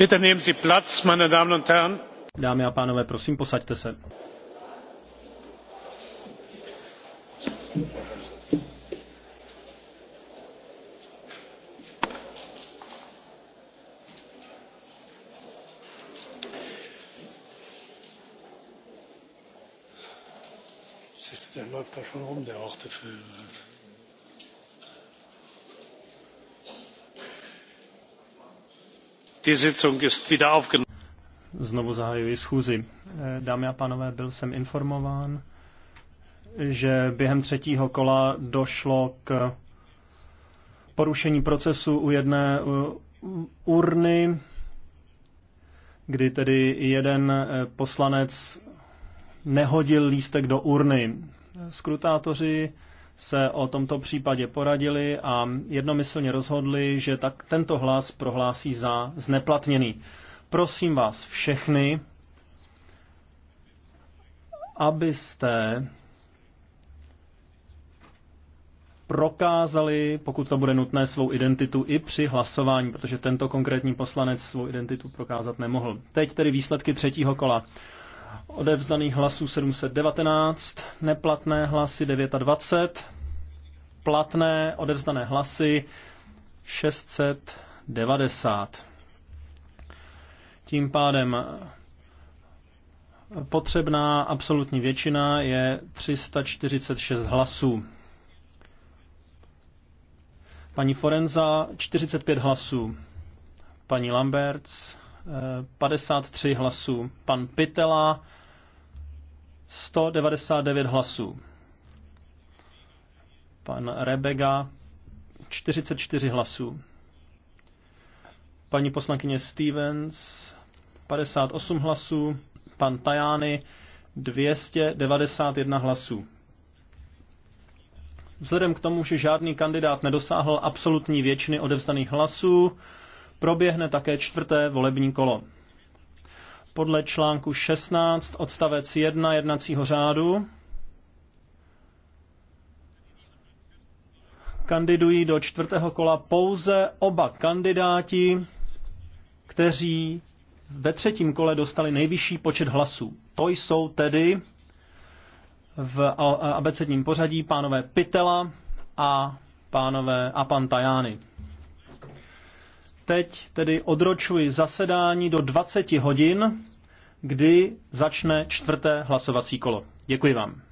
Bitte nehmen Sie Platz, meine Damen und Herren. Dámy a pánové, prosím, posaďte se. Der läuft da schon rum, der Znovu zahajuji schůzi. Eh, Dámy a pánové, byl jsem informován, že během třetího kola došlo k porušení procesu u jedné eh, urny, kdy tedy jeden eh, poslanec nehodil lístek do urny. Skrutátoři se o tomto případě poradili a jednomyslně rozhodli, že tak tento hlas prohlásí za zneplatněný. Prosím vás všechny, abyste prokázali, pokud to bude nutné, svou identitu i při hlasování, protože tento konkrétní poslanec svou identitu prokázat nemohl. Teď tedy výsledky třetího kola odevzdaných hlasů 719, neplatné hlasy 920, platné odevzdané hlasy 690. Tím pádem potřebná absolutní většina je 346 hlasů. Paní Forenza 45 hlasů, paní Lamberts 53 eh, hlasů, pan Pitela 199 hlasů. Pan Rebega 44 hlasů. Paní poslankyně Stevens 58 hlasů. Pan Tajány 291 hlasů. Vzhledem k tomu, že žádný kandidát nedosáhl absolutní většiny odevzdaných hlasů, proběhne také čtvrté volební kolo podle článku 16 odstavec 1 jednacího řádu kandidují do čtvrtého kola pouze oba kandidáti, kteří ve třetím kole dostali nejvyšší počet hlasů. To jsou tedy v abecedním pořadí pánové Pitela a, pánové, a pan teď tedy odročuji zasedání do 20 hodin, kdy začne čtvrté hlasovací kolo. Děkuji vám.